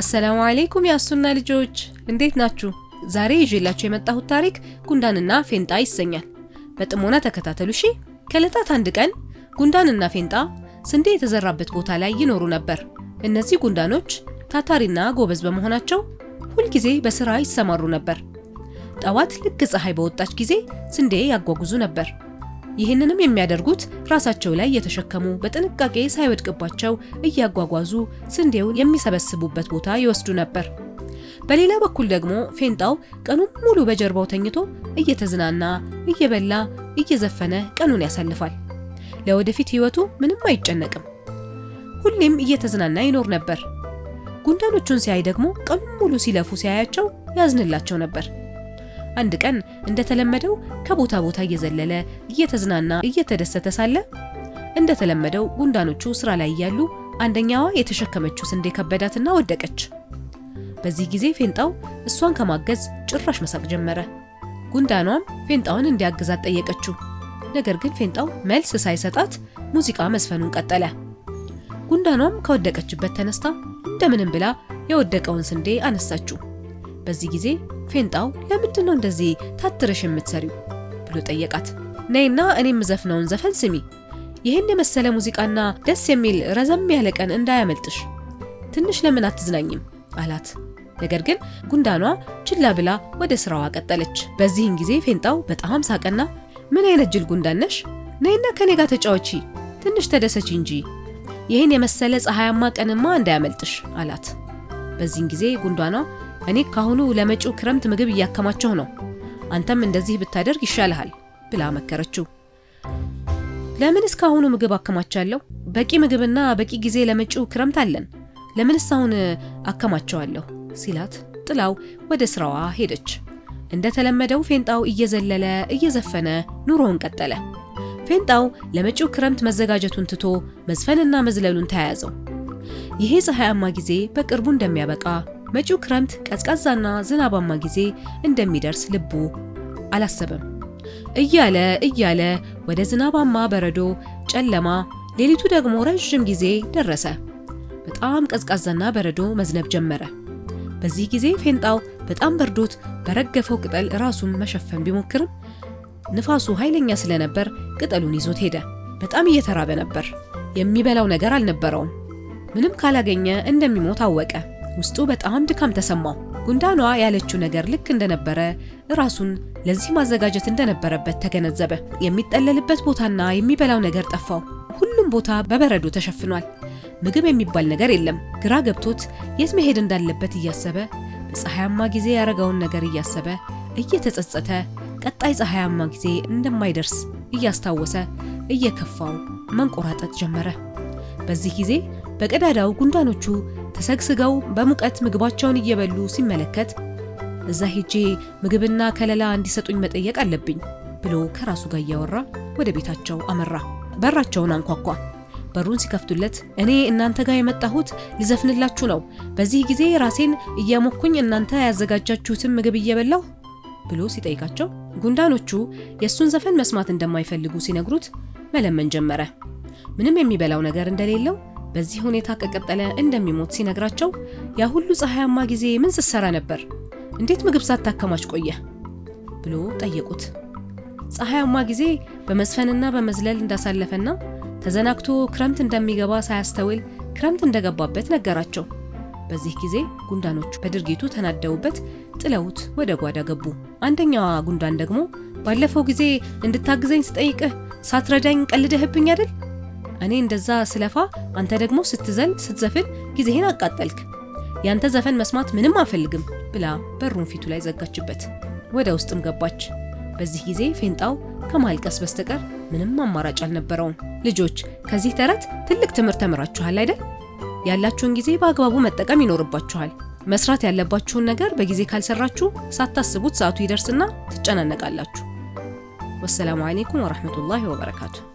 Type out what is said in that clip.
አሰላሙ አለይኩም የአሱና ልጆች እንዴት ናችሁ? ዛሬ ይዤላችሁ የመጣሁት ታሪክ ጉንዳንና ፌንጣ ይሰኛል። በጥሞና ተከታተሉ ሺ ከእለታት አንድ ቀን ጉንዳንና ፌንጣ ስንዴ የተዘራበት ቦታ ላይ ይኖሩ ነበር። እነዚህ ጉንዳኖች ታታሪና ጎበዝ በመሆናቸው ሁልጊዜ በስራ ይሰማሩ ነበር። ጠዋት ልክ ፀሐይ በወጣች ጊዜ ስንዴ ያጓጉዙ ነበር። ይህንንም የሚያደርጉት ራሳቸው ላይ የተሸከሙ በጥንቃቄ ሳይወድቅባቸው እያጓጓዙ ስንዴውን የሚሰበስቡበት ቦታ ይወስዱ ነበር። በሌላ በኩል ደግሞ ፌንጣው ቀኑን ሙሉ በጀርባው ተኝቶ እየተዝናና እየበላ እየዘፈነ ቀኑን ያሳልፋል። ለወደፊት ሕይወቱ ምንም አይጨነቅም። ሁሌም እየተዝናና ይኖር ነበር። ጉንዳኖቹን ሲያይ ደግሞ ቀኑን ሙሉ ሲለፉ ሲያያቸው ያዝንላቸው ነበር። አንድ ቀን እንደተለመደው ከቦታ ቦታ እየዘለለ እየተዝናና እየተደሰተ ሳለ እንደተለመደው ጉንዳኖቹ ስራ ላይ እያሉ አንደኛዋ የተሸከመችው ስንዴ ከበዳትና ወደቀች። በዚህ ጊዜ ፌንጣው እሷን ከማገዝ ጭራሽ መሳቅ ጀመረ። ጉንዳኗም ፌንጣውን እንዲያግዛት ጠየቀችው። ነገር ግን ፌንጣው መልስ ሳይሰጣት ሙዚቃ መዝፈኑን ቀጠለ። ጉንዳኗም ከወደቀችበት ተነስታ እንደምንም ብላ የወደቀውን ስንዴ አነሳችው። በዚህ ጊዜ ፌንጣው ለምንድን ነው እንደዚህ ታትረሽ የምትሰሪው ብሎ ጠየቃት። ነይና እኔ የምዘፍነውን ዘፈን ስሚ። ይህን የመሰለ ሙዚቃና ደስ የሚል ረዘም ያለ ቀን እንዳያመልጥሽ። ትንሽ ለምን አትዝናኝም አላት። ነገር ግን ጉንዳኗ ችላ ብላ ወደ ስራዋ ቀጠለች። በዚህን ጊዜ ፌንጣው በጣም ሳቀና ምን አይነት ጅል ጉንዳን ነሽ? ነይና ከኔ ጋር ተጫወቺ፣ ትንሽ ተደሰች እንጂ ይህን የመሰለ ፀሐያማ ቀንማ እንዳያመልጥሽ አላት። በዚህን ጊዜ ጉንዳኗ እኔ ካሁኑ ለመጪው ክረምት ምግብ እያከማቸው ነው፣ አንተም እንደዚህ ብታደርግ ይሻልሃል ብላ መከረችው። ለምን እስካሁኑ ምግብ አከማቻለሁ? በቂ ምግብና በቂ ጊዜ ለመጪው ክረምት አለን። ለምንስ አሁን አከማቸዋለሁ? ሲላት ጥላው ወደ ስራዋ ሄደች። እንደተለመደው ፌንጣው እየዘለለ እየዘፈነ ኑሮውን ቀጠለ። ፌንጣው ለመጪው ክረምት መዘጋጀቱን ትቶ መዝፈንና መዝለሉን ተያያዘው። ይሄ ፀሐያማ ጊዜ በቅርቡ እንደሚያበቃ መጪው ክረምት ቀዝቃዛና ዝናባማ ጊዜ እንደሚደርስ ልቡ አላሰበም። እያለ እያለ ወደ ዝናባማ በረዶ፣ ጨለማ፣ ሌሊቱ ደግሞ ረዥም ጊዜ ደረሰ። በጣም ቀዝቃዛና በረዶ መዝነብ ጀመረ። በዚህ ጊዜ ፌንጣው በጣም በርዶት በረገፈው ቅጠል ራሱን መሸፈን ቢሞክርም ንፋሱ ኃይለኛ ስለነበር ቅጠሉን ይዞት ሄደ። በጣም እየተራበ ነበር። የሚበላው ነገር አልነበረውም። ምንም ካላገኘ እንደሚሞት አወቀ። ውስጡ በጣም ድካም ተሰማው። ጉንዳኗ ያለችው ነገር ልክ እንደነበረ ራሱን ለዚህ ማዘጋጀት እንደነበረበት ተገነዘበ። የሚጠለልበት ቦታና የሚበላው ነገር ጠፋው። ሁሉም ቦታ በበረዶ ተሸፍኗል። ምግብ የሚባል ነገር የለም። ግራ ገብቶት የት መሄድ እንዳለበት እያሰበ በፀሐያማ ጊዜ ያደረገውን ነገር እያሰበ እየተጸጸተ ቀጣይ ፀሐያማ ጊዜ እንደማይደርስ እያስታወሰ እየከፋው መንቆራጠጥ ጀመረ። በዚህ ጊዜ በቀዳዳው ጉንዳኖቹ ተሰግስገው በሙቀት ምግባቸውን እየበሉ ሲመለከት እዛ ሄጄ ምግብና ከለላ እንዲሰጡኝ መጠየቅ አለብኝ ብሎ ከራሱ ጋር እያወራ ወደ ቤታቸው አመራ። በራቸውን አንኳኳ። በሩን ሲከፍቱለት እኔ እናንተ ጋር የመጣሁት ልዘፍንላችሁ ነው፣ በዚህ ጊዜ ራሴን እያሞኩኝ እናንተ ያዘጋጃችሁትን ምግብ እየበላሁ ብሎ ሲጠይቃቸው ጉንዳኖቹ የእሱን ዘፈን መስማት እንደማይፈልጉ ሲነግሩት መለመን ጀመረ። ምንም የሚበላው ነገር እንደሌለው በዚህ ሁኔታ ከቀጠለ እንደሚሞት ሲነግራቸው ያ ሁሉ ፀሐያማ ጊዜ ምን ስትሰራ ነበር? እንዴት ምግብ ሳታከማች ቆየህ? ብሎ ጠየቁት። ፀሐያማ ጊዜ በመዝፈንና በመዝለል እንዳሳለፈና ተዘናግቶ ክረምት እንደሚገባ ሳያስተውል ክረምት እንደገባበት ነገራቸው። በዚህ ጊዜ ጉንዳኖቹ በድርጊቱ ተናደውበት ጥለውት ወደ ጓዳ ገቡ። አንደኛዋ ጉንዳን ደግሞ ባለፈው ጊዜ እንድታግዘኝ ስጠይቅህ ሳትረዳኝ ቀልደህብኝ አይደል እኔ እንደዛ ስለፋ፣ አንተ ደግሞ ስትዘል ስትዘፍን ጊዜህን አቃጠልክ። ያንተ ዘፈን መስማት ምንም አፈልግም ብላ በሩን ፊቱ ላይ ዘጋችበት። ወደ ውስጥም ገባች። በዚህ ጊዜ ፌንጣው ከማልቀስ በስተቀር ምንም አማራጭ አልነበረውም። ልጆች ከዚህ ተረት ትልቅ ትምህርት ተምራችኋል አይደል? ያላችሁን ጊዜ በአግባቡ መጠቀም ይኖርባችኋል። መስራት ያለባችሁን ነገር በጊዜ ካልሰራችሁ ሳታስቡት ሰዓቱ ይደርስና ትጨናነቃላችሁ። ወሰላሙ አሌይኩም ወራህመቱላሂ ወበረካቱ።